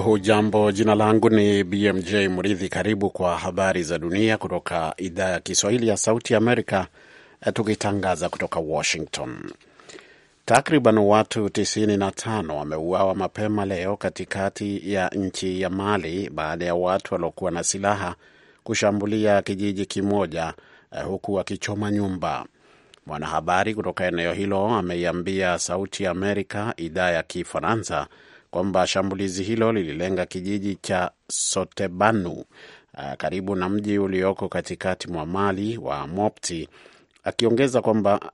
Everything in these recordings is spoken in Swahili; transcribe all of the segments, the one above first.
Hujambo, jina langu ni BMJ Mridhi. Karibu kwa habari za dunia kutoka idhaa ya Kiswahili ya Sauti Amerika, eh, tukitangaza kutoka Washington. Takriban watu 95 wameuawa mapema leo katikati ya nchi ya Mali baada ya watu waliokuwa na silaha kushambulia kijiji kimoja eh, huku wakichoma nyumba. Mwanahabari kutoka eneo hilo ameiambia Sauti ya Amerika idhaa ya Kifaransa kwamba shambulizi hilo lililenga kijiji cha Sotebanu ah, karibu na mji ulioko katikati mwa Mali wa Mopti, akiongeza kwamba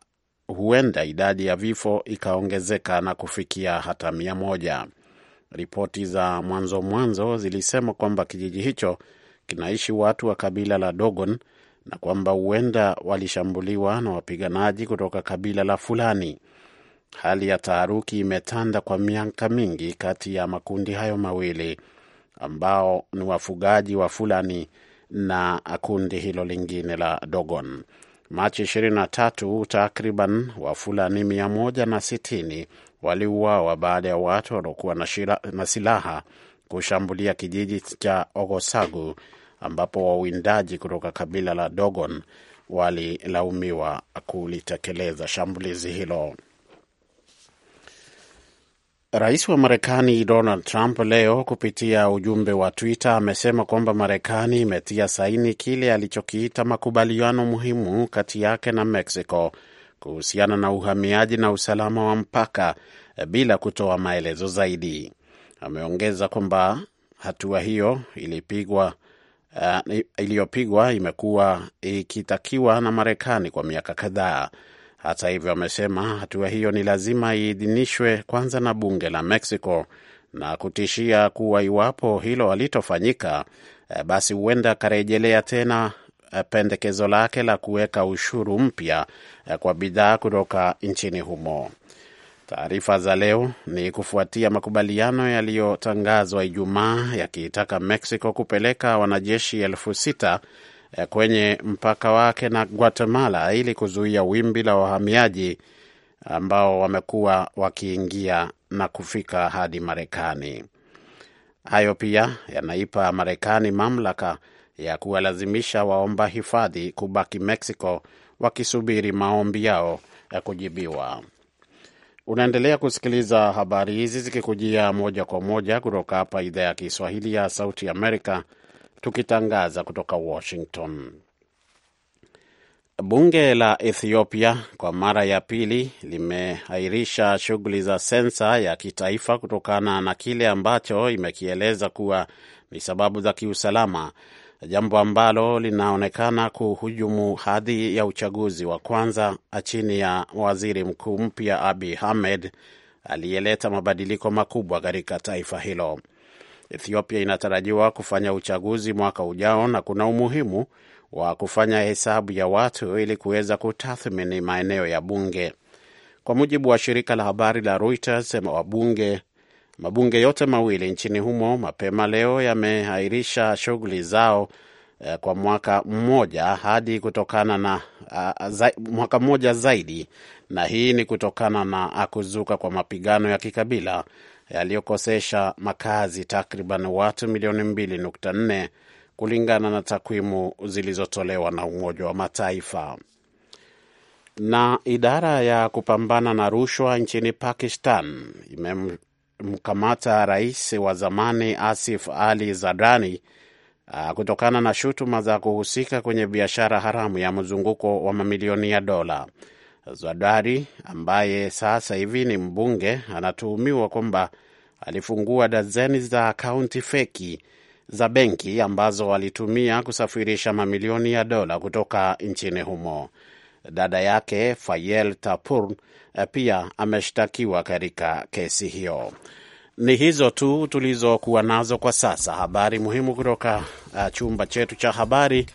huenda idadi ya vifo ikaongezeka na kufikia hata mia moja. Ripoti za mwanzo mwanzo zilisema kwamba kijiji hicho kinaishi watu wa kabila la Dogon na kwamba huenda walishambuliwa na wapiganaji kutoka kabila la fulani. Hali ya taharuki imetanda kwa miaka mingi kati ya makundi hayo mawili ambao ni wafugaji wa Fulani na kundi hilo lingine la Dogon. Machi 23 takriban Wafulani 160 waliuawa baada ya watu waliokuwa na silaha kushambulia kijiji cha Ogosagu ambapo wawindaji kutoka kabila la Dogon walilaumiwa kulitekeleza shambulizi hilo. Rais wa Marekani Donald Trump leo kupitia ujumbe wa Twitter amesema kwamba Marekani imetia saini kile alichokiita makubaliano muhimu kati yake na Mexico kuhusiana na uhamiaji na usalama wa mpaka eh, bila kutoa maelezo zaidi. Ameongeza kwamba hatua hiyo ilipigwa uh, iliyopigwa imekuwa ikitakiwa na Marekani kwa miaka kadhaa hata hivyo, amesema hatua hiyo ni lazima iidhinishwe kwanza na bunge la Mexico na kutishia kuwa iwapo hilo halitofanyika, eh, basi huenda akarejelea tena eh, pendekezo lake la kuweka ushuru mpya eh, kwa bidhaa kutoka nchini humo. Taarifa za leo ni kufuatia makubaliano yaliyotangazwa Ijumaa yakitaka Mexico kupeleka wanajeshi elfu sita Eh, kwenye mpaka wake na Guatemala ili kuzuia wimbi la wahamiaji ambao wamekuwa wakiingia na kufika hadi Marekani. Hayo pia yanaipa Marekani mamlaka ya kuwalazimisha waomba hifadhi kubaki Mexico wakisubiri maombi yao ya kujibiwa. Unaendelea kusikiliza habari hizi zikikujia moja kwa moja kutoka hapa idhaa ya Kiswahili ya Sauti Amerika tukitangaza kutoka Washington. Bunge la Ethiopia kwa mara ya pili limeahirisha shughuli za sensa ya kitaifa kutokana na kile ambacho imekieleza kuwa ni sababu za kiusalama, jambo ambalo linaonekana kuhujumu hadhi ya uchaguzi wa kwanza chini ya waziri mkuu mpya Abiy Ahmed aliyeleta mabadiliko makubwa katika taifa hilo. Ethiopia inatarajiwa kufanya uchaguzi mwaka ujao na kuna umuhimu wa kufanya hesabu ya watu ili kuweza kutathmini maeneo ya bunge. Kwa mujibu wa shirika la habari la Reuters, wabunge mabunge yote mawili nchini humo mapema leo yameahirisha shughuli zao Eh, kwa mwaka mmoja hadi kutokana na uh, za, mwaka mmoja zaidi, na hii ni kutokana na ah, kuzuka kwa mapigano ya kikabila yaliyokosesha makazi takriban watu milioni mbili nukta nne kulingana na takwimu zilizotolewa na Umoja wa Mataifa. Na idara ya kupambana na rushwa nchini Pakistan imemkamata rais wa zamani Asif Ali zadrani Ah, kutokana na shutuma za kuhusika kwenye biashara haramu ya mzunguko wa mamilioni ya dola. Zwadari ambaye sasa hivi ni mbunge anatuhumiwa kwamba alifungua dazeni za akaunti feki za benki ambazo walitumia kusafirisha mamilioni ya dola kutoka nchini humo. Dada yake Fayel Tapur eh, pia ameshtakiwa katika kesi hiyo. Ni hizo tu tulizokuwa nazo kwa sasa. Habari muhimu kutoka uh, chumba chetu cha habari.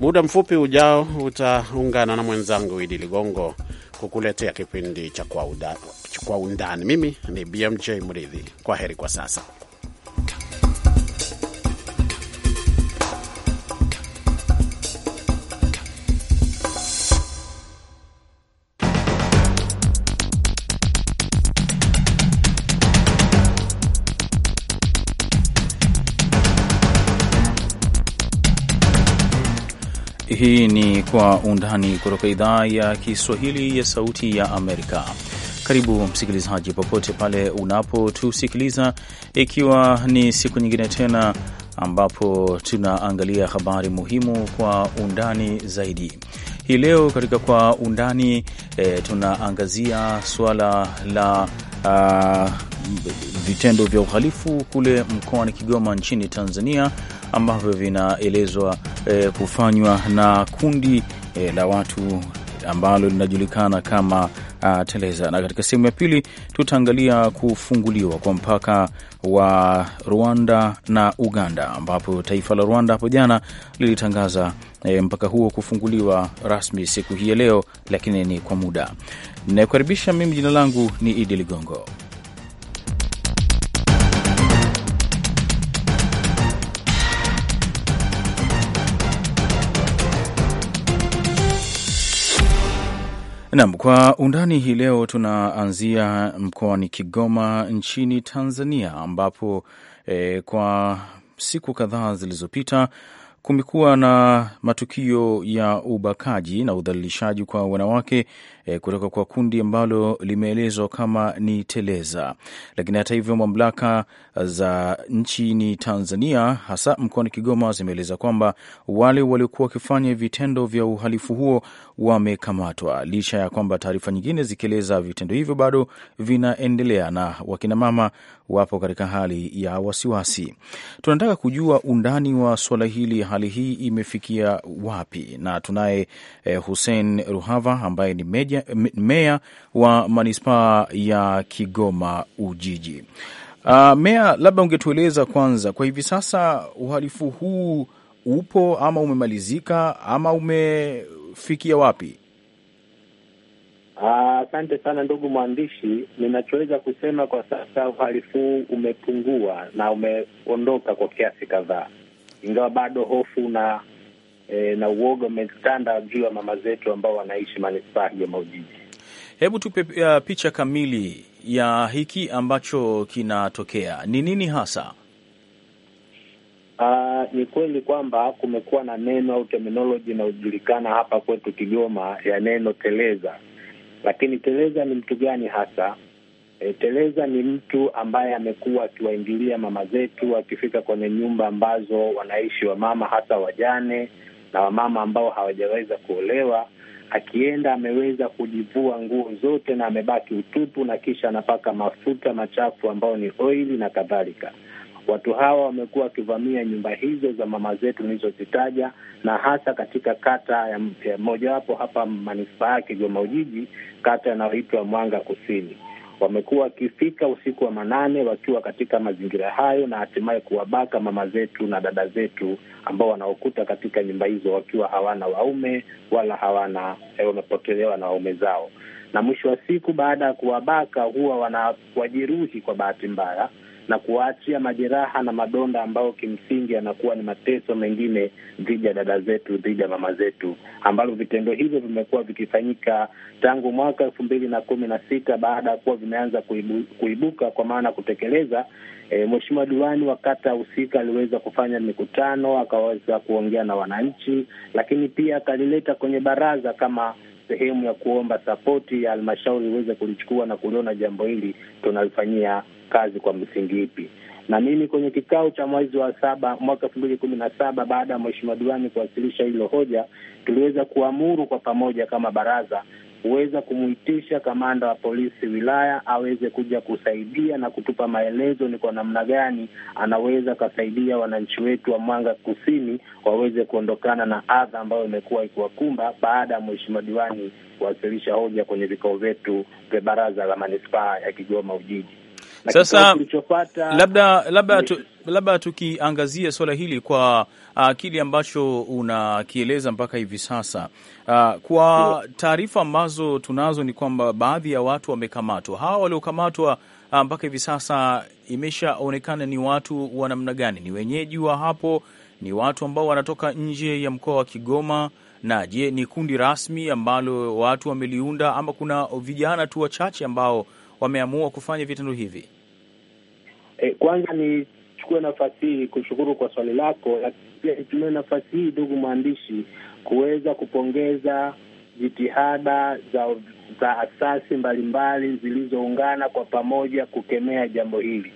Muda mfupi ujao utaungana na mwenzangu Idi Ligongo kukuletea kipindi cha Kwa Undani. Mimi ni BMJ Mridhi. Kwa heri kwa sasa. Hii ni Kwa Undani kutoka idhaa ya Kiswahili ya Sauti ya Amerika. Karibu msikilizaji, popote pale unapotusikiliza, ikiwa ni siku nyingine tena ambapo tunaangalia habari muhimu kwa undani zaidi. Hii leo katika Kwa Undani e, tunaangazia suala la a, ah, vitendo vya uhalifu kule mkoani Kigoma nchini Tanzania ambavyo vinaelezwa eh, kufanywa na kundi eh, la watu ambalo linajulikana kama uh, Teleza. Na katika sehemu ya pili tutaangalia kufunguliwa kwa mpaka wa Rwanda na Uganda, ambapo taifa la Rwanda hapo jana lilitangaza eh, mpaka huo kufunguliwa rasmi siku hii ya leo, lakini ni kwa muda. Nakukaribisha, mimi, jina langu ni Idi Ligongo. Naam, kwa undani hii leo tunaanzia mkoani Kigoma nchini Tanzania, ambapo e, kwa siku kadhaa zilizopita kumekuwa na matukio ya ubakaji na udhalilishaji kwa wanawake e, kutoka kwa kundi ambalo limeelezwa kama ni teleza. Lakini hata hivyo, mamlaka za nchini Tanzania hasa mkoani Kigoma zimeeleza kwamba wale waliokuwa wakifanya vitendo vya uhalifu huo wamekamatwa, licha ya kwamba taarifa nyingine zikieleza vitendo hivyo bado vinaendelea na wakinamama wapo katika hali ya wasiwasi. Tunataka kujua undani wa suala hili, hali hii imefikia wapi? Na tunaye eh, Hussein Ruhava ambaye ni meja meya wa manispaa ya Kigoma Ujiji. Uh, meya, labda ungetueleza kwanza, kwa hivi sasa uhalifu huu upo ama umemalizika ama umefikia wapi? Asante sana ndugu mwandishi. Ninachoweza kusema kwa sasa, uhalifu huu umepungua na umeondoka kwa kiasi kadhaa, ingawa bado hofu na e, na uoga umetanda juu ya mama zetu ambao wanaishi manispaa hiyo maujiji Hebu tupe uh, picha kamili ya hiki ambacho kinatokea ni nini hasa? Uh, ni kweli kwamba kumekuwa na neno au terminology inayojulikana hapa kwetu Kigoma ya neno teleza, lakini teleza ni mtu gani hasa? E, teleza ni mtu ambaye amekuwa akiwaingilia mama zetu akifika kwenye nyumba ambazo wanaishi wamama, hasa wajane na wamama ambao hawajaweza kuolewa, akienda ameweza kujivua nguo zote na amebaki utupu, na kisha anapaka mafuta machafu ambayo ni oili na kadhalika. Watu hawa wamekuwa wakivamia nyumba hizo za mama zetu nilizozitaja, na hasa katika kata ya mojawapo hapa manispaa ya Kigoma Ujiji, kata inayoitwa Mwanga Kusini wamekuwa wakifika usiku wa manane wakiwa katika mazingira hayo, na hatimaye kuwabaka mama zetu na dada zetu ambao wanaokuta katika nyumba hizo wakiwa hawana waume wala hawana eh, wamepotelewa na waume zao, na mwisho wa siku, baada ya kuwabaka, huwa wanawajeruhi kwa bahati mbaya na kuwaachia majeraha na madonda ambayo kimsingi yanakuwa ni mateso mengine dhidi ya dada zetu, dhidi ya mama zetu, ambavyo vitendo hivyo vimekuwa vikifanyika tangu mwaka elfu mbili na kumi na sita baada ya kuwa vimeanza kuibu, kuibuka kwa maana ya kutekeleza. E, mheshimiwa diwani wa kata husika aliweza kufanya mikutano, akaweza kuongea na wananchi, lakini pia akalileta kwenye baraza kama sehemu ya kuomba sapoti ya halmashauri iweze kulichukua na kuliona jambo hili tunalifanyia kazi kwa msingi ipi. Na mimi kwenye kikao cha mwezi wa saba mwaka elfu mbili kumi na saba baada ya mheshimiwa diwani kuwasilisha hilo hoja, tuliweza kuamuru kwa pamoja kama baraza kuweza kumwitisha kamanda wa polisi wilaya aweze kuja kusaidia na kutupa maelezo ni kwa namna gani anaweza akasaidia wananchi wetu wa Mwanga Kusini waweze kuondokana na adha ambayo imekuwa ikiwakumba baada ya mheshimiwa diwani kuwasilisha hoja kwenye vikao vyetu vya baraza la manispaa ya Kigoma Ujiji. Sasa tulichopata labda labda tu, labda tukiangazia swala hili kwa uh, kile ambacho unakieleza mpaka hivi sasa uh, kwa taarifa ambazo tunazo ni kwamba baadhi ya watu wamekamatwa. Hawa waliokamatwa uh, mpaka hivi sasa imeshaonekana ni watu wa namna gani? Ni wenyeji wa hapo? Ni watu ambao wanatoka nje ya mkoa wa Kigoma? na je, ni kundi rasmi ambalo watu wameliunda ama kuna vijana tu wachache ambao wameamua kufanya vitendo hivi? Eh, kwanza nichukue nafasi hii kushukuru kwa swali lako, lakini pia nitumie nafasi hii, ndugu mwandishi, kuweza kupongeza jitihada za, za asasi mbalimbali zilizoungana kwa pamoja kukemea jambo hili.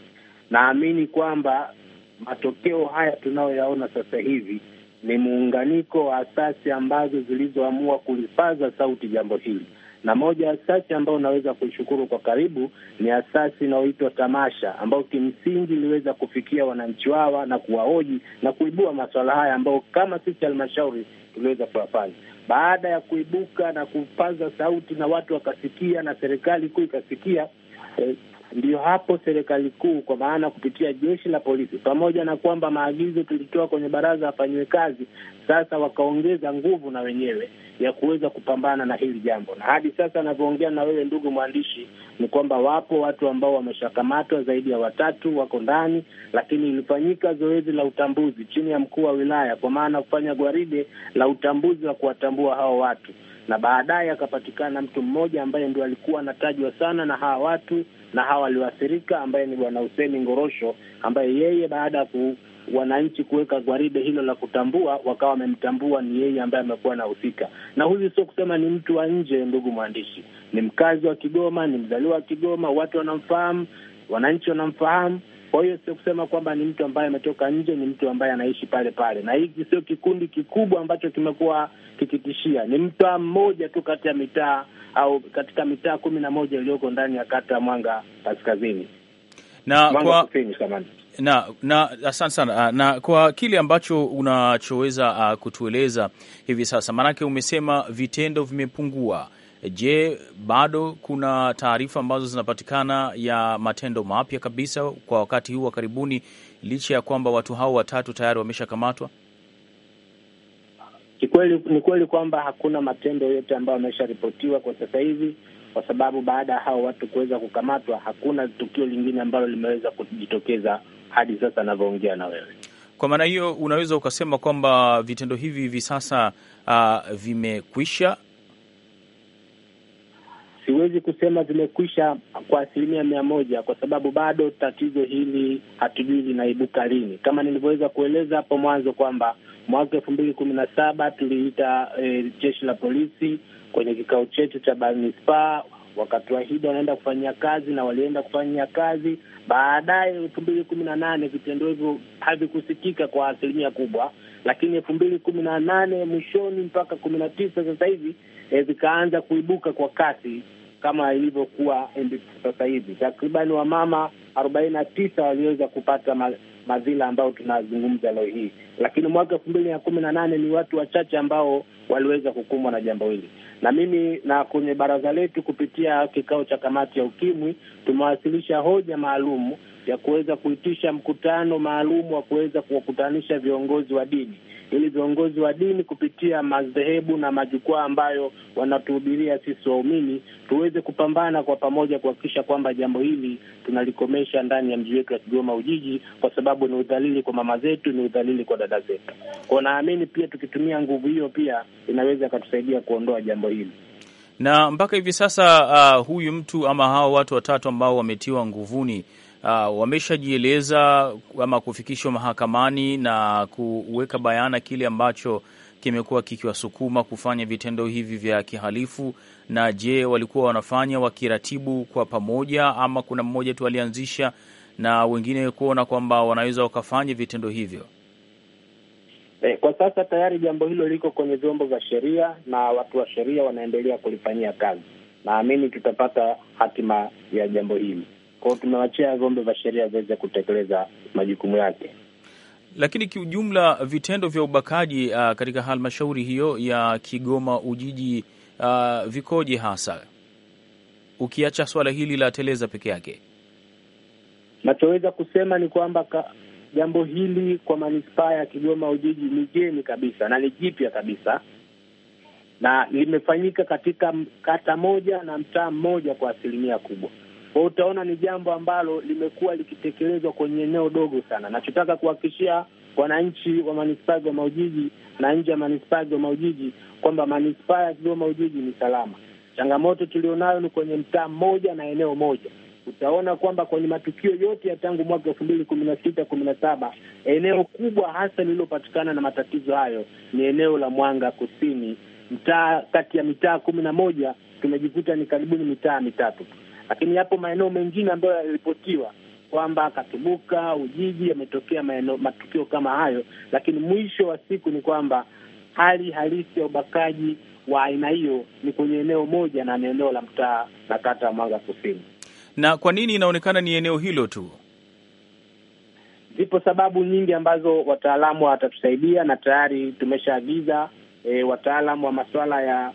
Naamini kwamba matokeo haya tunayoyaona sasa hivi ni muunganiko wa asasi ambazo zilizoamua kulipaza sauti jambo hili na moja asasi ambayo unaweza kuishukuru kwa karibu ni asasi inayoitwa Tamasha, ambayo kimsingi iliweza kufikia wananchi wawa na kuwahoji na kuibua masuala haya ambayo kama sisi halmashauri tuliweza kuyafanya baada ya kuibuka na kupaza sauti na watu wakasikia na serikali kuu ikasikia eh, hapo serikali kuu kwa maana kupitia jeshi la polisi, pamoja na kwamba maagizo tulitoa kwenye baraza afanyiwe kazi, sasa wakaongeza nguvu na wenyewe ya kuweza kupambana na hili jambo, na hadi sasa anavyoongea na wewe ndugu mwandishi, ni kwamba wapo watu ambao wameshakamatwa zaidi ya watatu wako ndani, lakini ilifanyika zoezi la utambuzi chini ya mkuu wa wilaya, kwa maana kufanya gwaride la utambuzi wa kuwatambua hao watu, na baadaye akapatikana mtu mmoja ambaye ndio alikuwa anatajwa sana na hawa watu na hawa walioathirika, ambaye ni bwana Huseni Ngorosho, ambaye yeye baada ya ku wananchi kuweka gwaride hilo la kutambua, wakawa wamemtambua ni yeye ambaye amekuwa anahusika. Na huyu sio kusema ni mtu wa nje, ndugu mwandishi, ni mkazi wa Kigoma, ni mzaliwa wa Kigoma, watu wanamfahamu, wananchi wanamfahamu. Kwa hiyo sio kusema kwamba ni mtu ambaye ametoka nje, ni mtu ambaye anaishi pale pale, na hiki sio kikundi kikubwa ambacho kimekuwa kikitishia. Ni mtaa mmoja tu kati ya mitaa au katika mitaa kumi na moja iliyoko ndani ya kata ya Mwanga Kaskazini na kwa na, na asante sana ah, na kwa kile ambacho unachoweza uh, kutueleza hivi sasa, maanake umesema vitendo vimepungua. Je, bado kuna taarifa ambazo zinapatikana ya matendo mapya kabisa kwa wakati huu wa karibuni, licha ya kwamba watu hao watatu tayari wameshakamatwa? Ni kweli kwamba hakuna matendo yote ambayo yamesharipotiwa kwa sasa hivi, kwa sababu baada ya hao watu kuweza kukamatwa hakuna tukio lingine ambalo limeweza kujitokeza hadi sasa anavyoongea na wewe. Kwa maana hiyo, unaweza ukasema kwamba vitendo hivi hivi sasa uh, vimekwisha? Siwezi kusema vimekwisha kwa asilimia mia moja, kwa sababu bado tatizo hili hatujui linaibuka lini. Kama nilivyoweza kueleza hapo mwanzo kwamba mwaka elfu mbili kumi na saba tuliita e, jeshi la polisi kwenye kikao chetu cha manispaa wakatuahidi wanaenda kufanyia kazi na walienda kufanya kazi. Baadaye elfu mbili kumi na nane vitendo hivyo havikusikika kwa asilimia kubwa, lakini elfu mbili kumi na nane mwishoni mpaka kumi na tisa sasa hivi e, vikaanza kuibuka kwa kasi kama ilivyokuwa sasa hivi. Takriban wamama arobaini na tisa waliweza kupata ma, madhila ambayo tunazungumza leo hii, lakini mwaka elfu mbili na kumi na nane ni watu wachache ambao waliweza kukumbwa na jambo hili na mimi na kwenye baraza letu kupitia kikao cha kamati ya ukimwi tumewasilisha hoja maalum ya kuweza kuitisha mkutano maalum wa kuweza kuwakutanisha viongozi wa dini ili viongozi wa dini kupitia madhehebu na majukwaa ambayo wanatuhubiria sisi waumini tuweze kupambana kwa pamoja kuhakikisha kwamba jambo hili tunalikomesha ndani ya mji wetu wa Kigoma Ujiji, kwa sababu ni udhalili kwa mama zetu, ni udhalili kwa dada zetu. Kwa naamini pia tukitumia nguvu hiyo pia inaweza ikatusaidia kuondoa jambo hili na mpaka hivi sasa uh, huyu mtu ama hawa watu watatu ambao wametiwa nguvuni uh, wameshajieleza ama kufikishwa mahakamani na kuweka bayana kile ambacho kimekuwa kikiwasukuma kufanya vitendo hivi vya kihalifu? Na je, walikuwa wanafanya wakiratibu kwa pamoja ama kuna mmoja tu alianzisha na wengine kuona kwamba wanaweza wakafanya vitendo hivyo? E, kwa sasa tayari jambo hilo liko kwenye vyombo vya sheria na watu wa sheria wanaendelea kulifanyia kazi. Naamini tutapata hatima ya jambo hili kwao, tumewachia vyombo vya sheria viweze kutekeleza majukumu yake. Lakini kiujumla vitendo vya ubakaji uh, katika halmashauri hiyo ya Kigoma Ujiji uh, vikoje hasa, ukiacha swala hili la teleza peke yake? Nachoweza kusema ni kwamba jambo hili kwa manispaa ya Kigoma Ujiji ni geni kabisa na ni jipya kabisa, na limefanyika katika kata moja na mtaa mmoja kwa asilimia kubwa. Kwa utaona ni jambo ambalo limekuwa likitekelezwa kwenye eneo dogo sana. Nachotaka kuhakikishia wananchi wa manispaa ya Maujiji na nje ya manispaa ya Maujiji kwamba manispaa ya Kigoma Ujiji ni salama. Changamoto tulionayo ni kwenye mtaa mmoja na eneo moja. Utaona kwamba kwenye matukio yote ya tangu mwaka elfu mbili kumi na sita kumi na saba eneo kubwa hasa lililopatikana na matatizo hayo ni eneo la Mwanga Kusini. Mtaa kati ya mitaa kumi na moja tumejikuta ni karibuni mitaa mitatu. Lakini yapo maeneo mengine ambayo yaliripotiwa kwamba katubuka Ujiji yametokea maeneo matukio kama hayo, lakini mwisho wa siku ni kwamba hali halisi ya ubakaji wa aina hiyo ni kwenye eneo moja na ni eneo la mtaa na kata ya Mwanga Kusini. Na kwa nini inaonekana ni eneo hilo tu? Zipo sababu nyingi ambazo wataalamu watatusaidia na tayari tumeshaagiza e, wataalamu wa masuala ya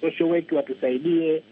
social work watusaidie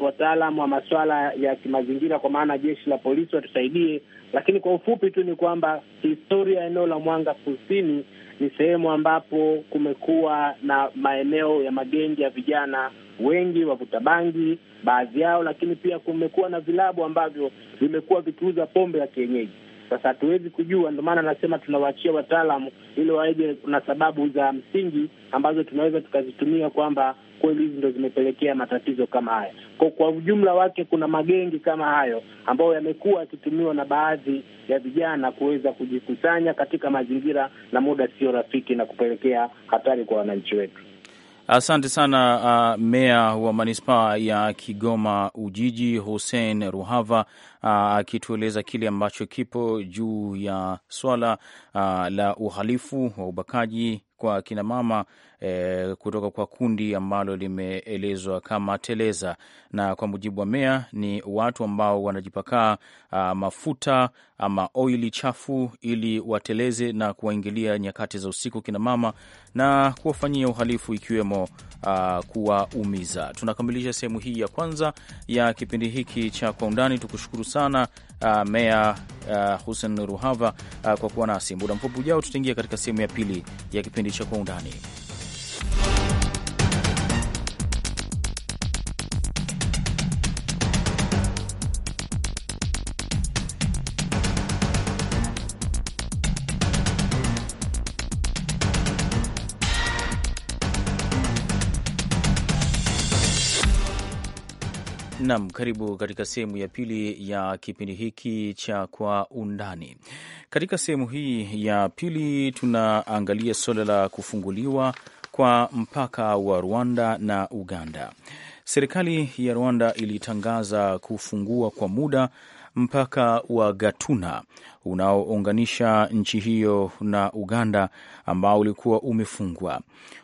wataalamu wa masuala ya kimazingira, kwa maana jeshi la polisi watusaidie. Lakini kwa ufupi tu ni kwamba historia ya eneo la Mwanga Kusini ni sehemu ambapo kumekuwa na maeneo ya magendi ya vijana wengi wavuta bangi, baadhi yao, lakini pia kumekuwa na vilabu ambavyo vimekuwa vikiuza pombe ya kienyeji. Sasa hatuwezi kujua, ndio maana anasema tunawaachia wataalamu ili waeje na sababu za msingi ambazo tunaweza tukazitumia kwamba kweli hizi ndo zimepelekea matatizo kama haya. Kwa, kwa ujumla wake kuna magengi kama hayo ambayo yamekuwa yakitumiwa na baadhi ya vijana kuweza kujikusanya katika mazingira na muda sio rafiki na kupelekea hatari kwa wananchi wetu. Asante sana uh, meya wa manispaa ya Kigoma Ujiji Hussein Ruhava uh, akitueleza uh, kile ambacho kipo juu ya swala uh, la uhalifu wa ubakaji kwa kinamama e, eh, kutoka kwa kundi ambalo limeelezwa kama Teleza, na kwa mujibu wa meya ni watu ambao wanajipakaa ah, mafuta ama oili chafu ili wateleze na kuwaingilia nyakati za usiku kinamama na kuwafanyia uhalifu ikiwemo ah, kuwaumiza. Tunakamilisha sehemu hii ya kwanza ya kipindi hiki cha Kwa Undani. Tukushukuru sana uh, meya uh, Hussein Ruhava uh, kwa kuwa nasi. Muda mfupi ujao, tutaingia katika sehemu ya pili ya kipindi cha Kwa Undani. Nam, karibu katika sehemu ya pili ya kipindi hiki cha Kwa Undani. Katika sehemu hii ya pili tunaangalia suala la kufunguliwa kwa mpaka wa Rwanda na Uganda. Serikali ya Rwanda ilitangaza kufungua kwa muda mpaka wa Gatuna unaounganisha nchi hiyo na Uganda ambao ulikuwa umefungwa.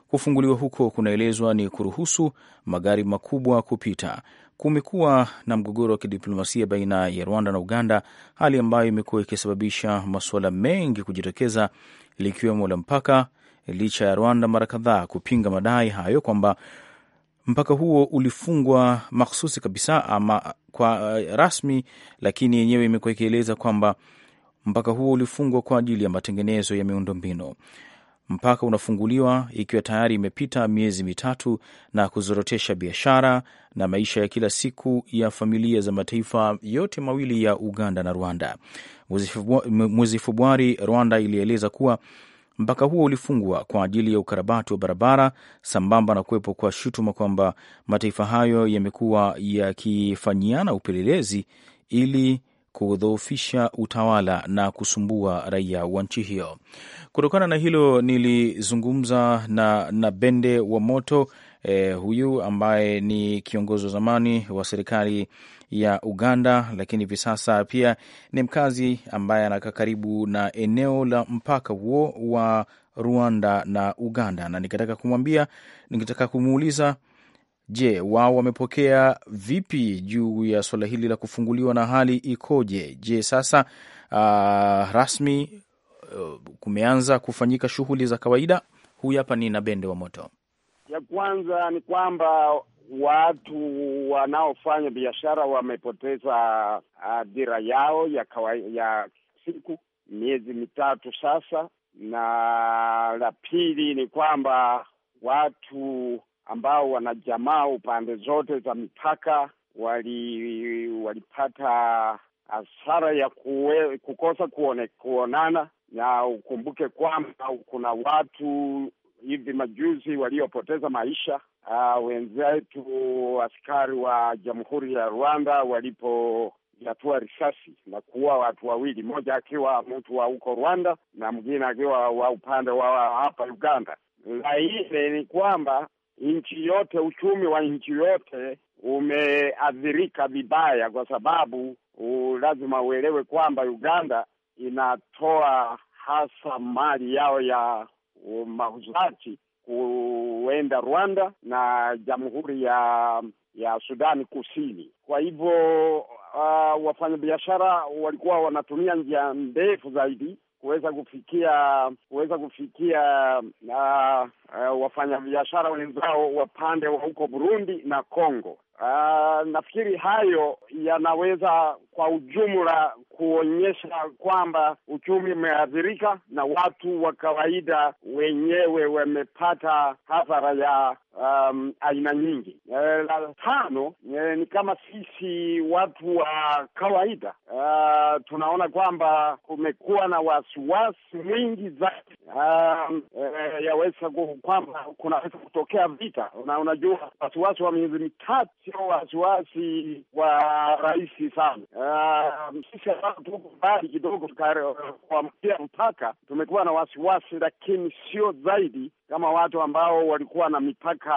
Kufunguliwa huko kunaelezwa ni kuruhusu magari makubwa kupita, Kumekuwa na mgogoro wa kidiplomasia baina ya Rwanda na Uganda, hali ambayo imekuwa ikisababisha masuala mengi kujitokeza, likiwemo la mpaka, licha ya Rwanda mara kadhaa kupinga madai hayo kwamba mpaka huo ulifungwa makhususi kabisa ama kwa eh, rasmi, lakini yenyewe imekuwa ikieleza kwamba mpaka huo ulifungwa kwa ajili ya matengenezo ya miundombinu mpaka unafunguliwa ikiwa tayari imepita miezi mitatu na kuzorotesha biashara na maisha ya kila siku ya familia za mataifa yote mawili ya Uganda na Rwanda. Mwezi Februari, Rwanda ilieleza kuwa mpaka huo ulifungwa kwa ajili ya ukarabati wa barabara sambamba na kuwepo kwa shutuma kwamba mataifa hayo yamekuwa yakifanyiana upelelezi ili kudhoofisha utawala na kusumbua raia wa nchi hiyo. Kutokana na hilo, nilizungumza na bende wa Moto eh, huyu ambaye ni kiongozi wa zamani wa serikali ya Uganda, lakini hivi sasa pia ni mkazi ambaye anakaa karibu na eneo la mpaka huo wa Rwanda na Uganda, na nikataka kumwambia, nikitaka kumuuliza Je, wao wamepokea vipi juu ya suala hili la kufunguliwa na hali ikoje? Je, sasa uh, rasmi uh, kumeanza kufanyika shughuli za kawaida? Huyu hapa ni Nabende wa Moto. Ya kwanza ni kwamba watu wanaofanya biashara wamepoteza dira ah, yao ya kawaida ya siku miezi mitatu sasa, na la pili ni kwamba watu ambao wanajamaa upande zote za mipaka wali, walipata hasara ya kuwe, kukosa kuone, kuonana na ukumbuke kwamba kuna watu hivi majuzi waliopoteza maisha uh, wenzetu askari wa Jamhuri ya Rwanda walipo yatua risasi na kuua watu wawili, mmoja akiwa mtu wa huko Rwanda na mwingine akiwa wa upande wa hapa Uganda. laini ni kwamba nchi yote, uchumi wa nchi yote umeathirika vibaya, kwa sababu lazima uelewe kwamba Uganda inatoa hasa mali yao ya mauzaji kuenda Rwanda na Jamhuri ya ya Sudani Kusini. Kwa hivyo uh, wafanyabiashara walikuwa wanatumia njia ndefu zaidi kuweza kufikia kuweza kufikia uh, uh, wafanyabiashara wenzao wapande wa huko Burundi na Kongo. Uh, nafikiri hayo yanaweza kwa ujumla kuonyesha kwamba uchumi umeathirika na watu wa kawaida wenyewe wamepata hadhara ya um, aina nyingi. E, la tano e, ni kama sisi watu wa kawaida uh, tunaona kwamba kumekuwa na wasiwasi mwingi zaidi um, e, yaweza kwamba kunaweza kutokea vita, na unajua wasiwasi wa miezi mitatu sio wasiwasi wa rahisi sana. Ah, sisi ambao tuko mbali kidogo eh, kuamkia mpaka tumekuwa na wasiwasi, lakini sio zaidi kama watu ambao walikuwa na mipaka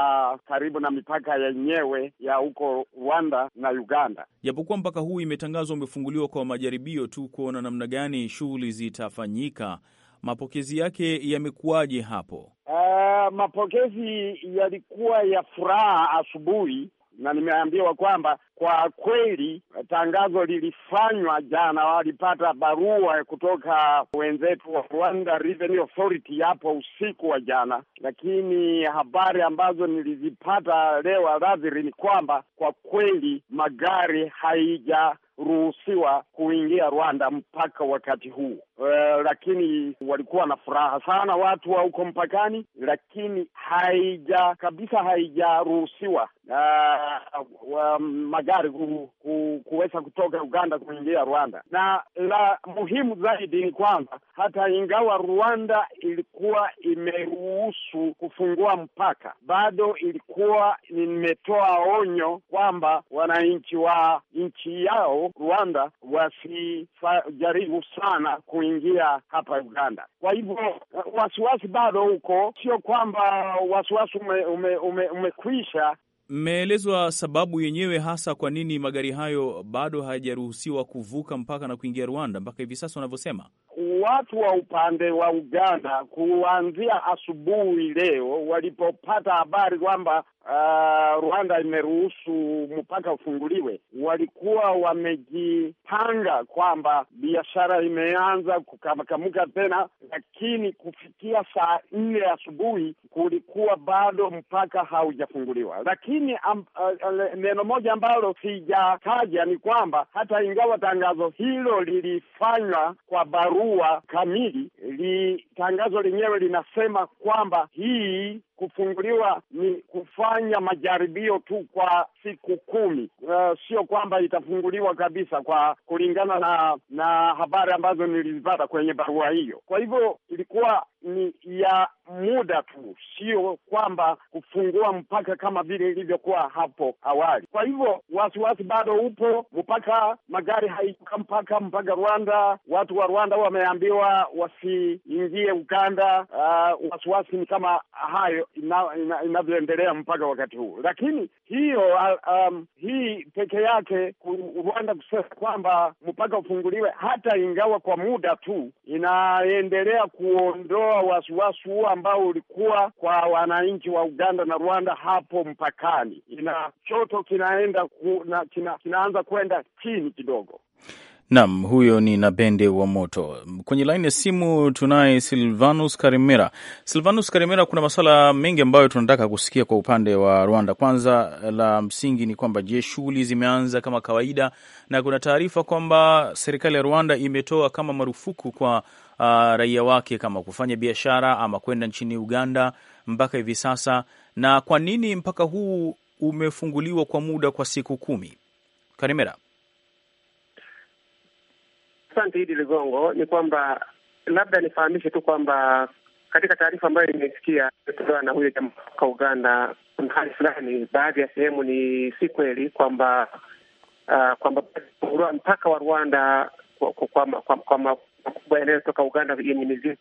karibu na mipaka yenyewe ya huko Rwanda na Uganda. Japokuwa mpaka huu imetangazwa umefunguliwa kwa majaribio tu kuona namna gani shughuli zitafanyika, mapokezi yake yamekuwaje hapo? Uh, mapokezi yalikuwa ya furaha asubuhi na nimeambiwa kwamba kwa kweli tangazo lilifanywa jana, walipata barua kutoka wenzetu wa Rwanda Revenue Authority hapo usiku wa jana, lakini habari ambazo nilizipata leo aladhiri ni kwamba kwa kweli magari haija ruhusiwa kuingia Rwanda mpaka wakati huu. E, lakini walikuwa na furaha sana watu wa huko mpakani, lakini haija kabisa haijaruhusiwa. E, magari ku, ku, kuweza kutoka Uganda kuingia Rwanda. Na la muhimu zaidi ni kwamba hata ingawa Rwanda ilikuwa imeruhusu kufungua mpaka, bado ilikuwa imetoa onyo kwamba wananchi wa nchi yao Rwanda wasijaribu sana kuingia hapa Uganda. Kwa hivyo wasiwasi bado huko, sio kwamba wasiwasi ume, ume, ume, umekwisha, mmeelezwa sababu yenyewe hasa kwa nini magari hayo bado hayajaruhusiwa kuvuka mpaka na kuingia Rwanda mpaka hivi sasa wanavyosema watu wa upande wa Uganda kuanzia asubuhi leo walipopata habari kwamba uh, Rwanda imeruhusu mpaka ufunguliwe, walikuwa wamejipanga kwamba biashara imeanza kukamkamuka tena, lakini kufikia saa nne asubuhi kulikuwa bado mpaka haujafunguliwa. Lakini um, uh, neno moja ambalo sijataja ni kwamba hata ingawa tangazo hilo lilifanywa kwa barua kuwa kamili. Li tangazo lenyewe linasema kwamba hii kufunguliwa ni kufanya majaribio tu kwa siku kumi. Uh, sio kwamba itafunguliwa kabisa, kwa kulingana na na habari ambazo nilizipata kwenye barua hiyo. Kwa hivyo ilikuwa ni ya muda tu, sio kwamba kufungua mpaka kama vile ilivyokuwa hapo awali. Kwa hivyo wasiwasi bado upo, mpaka magari haikuka mpaka mpaka Rwanda. Watu wa Rwanda wameambiwa wasiingie Uganda. Uh, wasiwasi ni kama hayo inavyoendelea ina, ina mpaka wakati huu, lakini hiyo um, hii peke yake Rwanda kusema kwamba mpaka ufunguliwe hata ingawa kwa muda tu, inaendelea kuondoa kuondoa wasiwasi huo ambao ulikuwa kwa wananchi wa Uganda na Rwanda hapo mpakani. Ina choto kinaenda ku, na, kina, kinaanza kwenda chini kidogo. Naam, huyo ni Nabende wa Moto. Kwenye laini ya simu tunaye Silvanus Karimera. Silvanus Karimera, kuna masuala mengi ambayo tunataka kusikia kwa upande wa Rwanda. Kwanza la msingi ni kwamba, je, shughuli zimeanza kama kawaida? Na kuna taarifa kwamba serikali ya Rwanda imetoa kama marufuku kwa uh, raia wake kama kufanya biashara ama kwenda nchini Uganda mpaka hivi sasa? Na kwa nini mpaka huu umefunguliwa kwa muda kwa siku kumi? Karimera. Asante Idi Ligongo, ni kwamba labda nifahamishe tu kwamba katika taarifa ambayo imesikia imetolewa na huyo jamaa kutoka Uganda, kuna hali fulani, baadhi ya sehemu ni si kweli kwamba uh, kwamba mpaka wa Rwanda kwa, kwa, kwa, kwa, kwa, kwa, makubwa yanayotoka Uganda yenye mizigo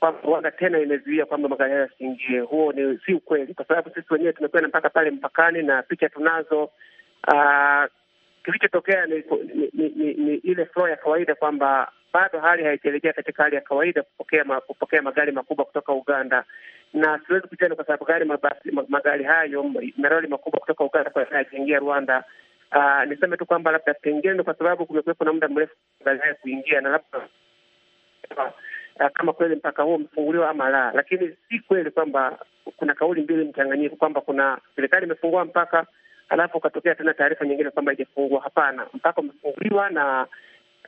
kwamba Rwanda tena imezuia kwamba magari hayo yasiingie. Huo ni si ukweli, kwa sababu sisi wenyewe tumekwenda mpaka pale mpakani na picha tunazo. Uh, kilichotokea ni, ni, ni, ni, ni ile flow ya kawaida kwamba bado hali haijaelekea katika hali ya kawaida kupokea ma, kupokea magari makubwa kutoka Uganda, na siwezi kujua ni kwa sababu gari mabasi, magari hayo maroli makubwa kutoka Uganda kwa Rwanda. Uh, niseme tu kwamba labda pengine kwa sababu kumekuwepo na muda mrefu magari hayo kuingia na labda Eh, kama kweli mpaka huo umefunguliwa ama la, lakini si kweli kwamba kuna kauli mbili mchanganyiko kwamba kuna serikali imefungua mpaka halafu ukatokea tena taarifa nyingine kwamba ijafungua. Hapana, mpaka umefunguliwa na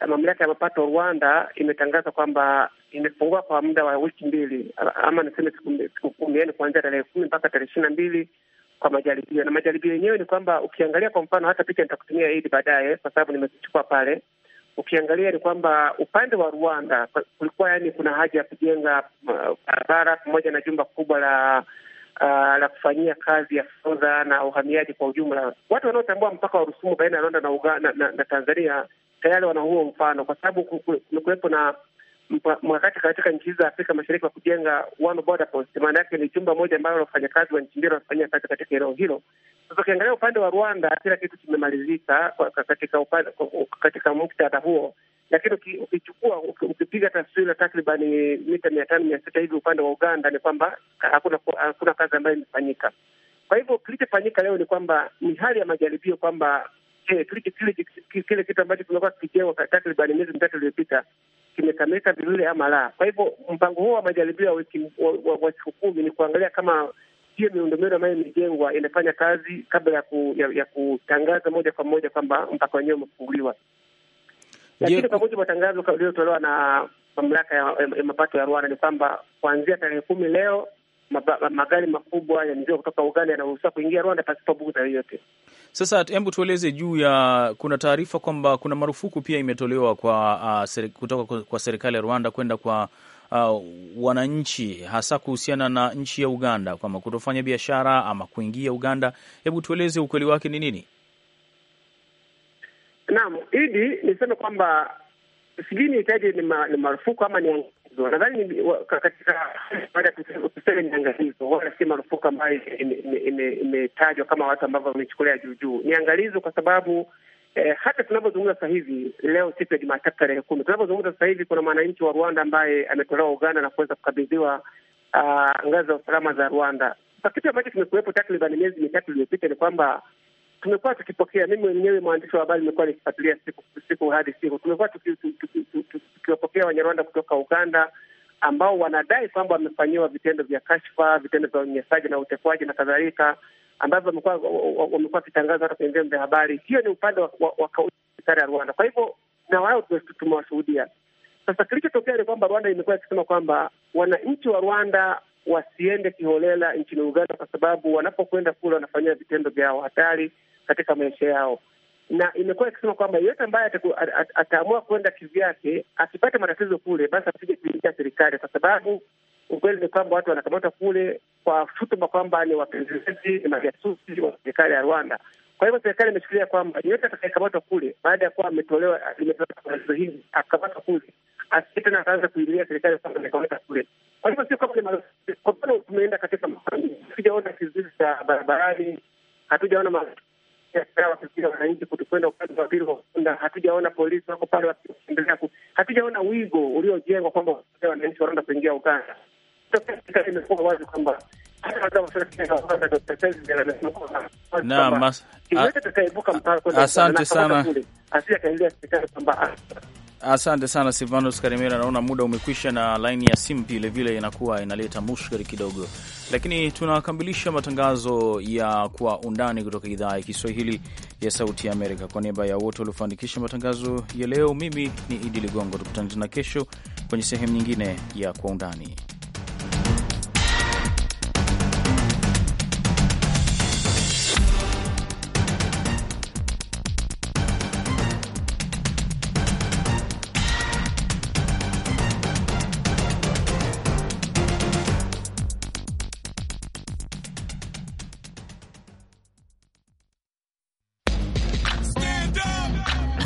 eh, mamlaka ya mapato Rwanda imetangaza kwamba imefungua kwa muda wa wiki mbili ama niseme siku kumi, yani kuanzia tarehe kumi mpaka tarehe ishirini na mbili kwa majaribio. Na majaribio yenyewe ni kwamba ukiangalia, kwa mfano, hata picha nitakutumia hii baadaye, kwa sababu nimezichukua pale ukiangalia ni kwamba upande wa Rwanda kulikuwa yani, kuna haja ya kujenga uh, barabara uh, pamoja na jumba kubwa la uh, la kufanyia kazi ya forodha na uhamiaji kwa ujumla. Watu wanaotambua mpaka wa Rusumo baina ya Rwanda na, na, na, na Tanzania tayari wana huo mfano, kwa sababu kumekuwepo na mkakati katika nchi hizi za Afrika Mashariki wa kujenga one border post. Maana yake ni jumba moja ambalo wafanyakazi wa nchi mbili wanafanyia kazi katika eneo hilo. Sasa ukiangalia upande wa Rwanda, kila kitu kimemalizika katika upande, katika muktadha huo, lakini ukichukua ukipiga taswira takriban mita mia tano mia sita hivi upande wa Uganda ni kwamba hakuna hakuna kazi ambayo imefanyika. Kwa hivyo kilichofanyika leo ni kwamba ni hali ya majaribio kwamba eh, kile kitu ambacho kimekuwa kikijengwa takriban miezi mitatu iliyopita kimekamilika vizuri ama la. Kwa hivyo mpango huo wa majaribio wa siku kumi ni kuangalia kama hiyo miundombinu ambayo imejengwa inafanya kazi kabla ya, ku, ya, ya kutangaza moja kwa moja kwamba mpaka wenyewe umefunguliwa. Lakini kwa mujibu wa tangazo lililotolewa na mamlaka ya, ya mapato ya Rwanda ni kwamba kuanzia tarehe kumi leo magari makubwa ya mizigo kutoka Uganda yanaruhusiwa kuingia Rwanda pasipo bughudha yoyote. Sasa hebu tueleze juu ya, kuna taarifa kwamba kuna marufuku pia imetolewa kwa uh, seri, kutoka kwa serikali ya Rwanda kwenda kwa uh, wananchi hasa kuhusiana na nchi ya Uganda kwamba kutofanya biashara ama kuingia Uganda. Hebu tueleze ukweli wake ni nini? Naam, Idi, niseme kwamba sijui ni itaje, ni marufuku ama ni kuangamizwa. Nadhani katika baada ya tuseme niangalizo wala si marufuku ambayo imetajwa kama watu ambavyo wamechukulia juu juu. Ni angalizo kwa sababu eh, hata tunavyozungumza sasa hivi leo siku ya Jumatatu tarehe kumi tunavyozungumza sasa hivi kuna mwananchi wa Rwanda ambaye ametolewa Uganda na kuweza kukabidhiwa uh, ngazi za usalama za Rwanda. Kitu ambacho kimekuwepo takriban miezi mitatu iliyopita ni kwamba tumekuwa tukipokea, mimi mwenyewe mwandishi wa habari nimekuwa nikifuatilia siku, siku hadi siku, tumekuwa tukiwapokea Wanyarwanda kutoka Uganda ambao wanadai kwamba wamefanyiwa vitendo vya kashfa, vitendo vya unyanyasaji na utekwaji na kadhalika, ambavyo wamekuwa wakitangaza hata kwenye vyombo vya habari. Hiyo ni upande wa, serikali ya Rwanda. Kwa hivyo na wao tumewashuhudia. Sasa kilichotokea ni kwamba Rwanda imekuwa ikisema kwamba wananchi wa Rwanda wasiende kiholela nchini Uganda, kwa sababu wanapokwenda kule wanafanyia vitendo vya hatari katika maisha yao, na imekuwa ikisema kwamba yeyote ambaye ataamua kwenda kivyake akipata matatizo kule, basi asije kuingia serikali, kwa sababu ukweli ni kwamba watu wanakamata kule kwa shutuma kwamba ni wapelelezi, ni majasusi wa serikali ya Rwanda. Kwa hivyo serikali imeshikilia kwamba yeyote atakayekamatwa kule baada ya kuwa ametolewa, imetolewa hizi akamatwa kule asije tena akaanza kuingilia serikali kwamba nikaweka kule. Kwa hivyo sio kama ni kwa mfano, tumeenda katika hatujaona kizuizi cha barabarani, hatujaona wakifikia wananchi kutukwenda upande wa pili wa kunda, hatujaona polisi wako pale wakiendelea, ku, hatujaona wigo uliojengwa kwamba wananchi wanaenda kuingia Uganda. Imekuwa wazi kwamba Naam, asante sana. Asante sana Silvanos Karimera, naona muda umekwisha na laini ya simu vilevile inakuwa inaleta mushkari kidogo, lakini tunakamilisha matangazo ya Kwa Undani kutoka idhaa ya Kiswahili ya Sauti ya Amerika. Kwa niaba ya wote waliofanikisha matangazo ya leo, mimi ni Idi Ligongo. Tukutane tena kesho kwenye sehemu nyingine ya Kwa Undani.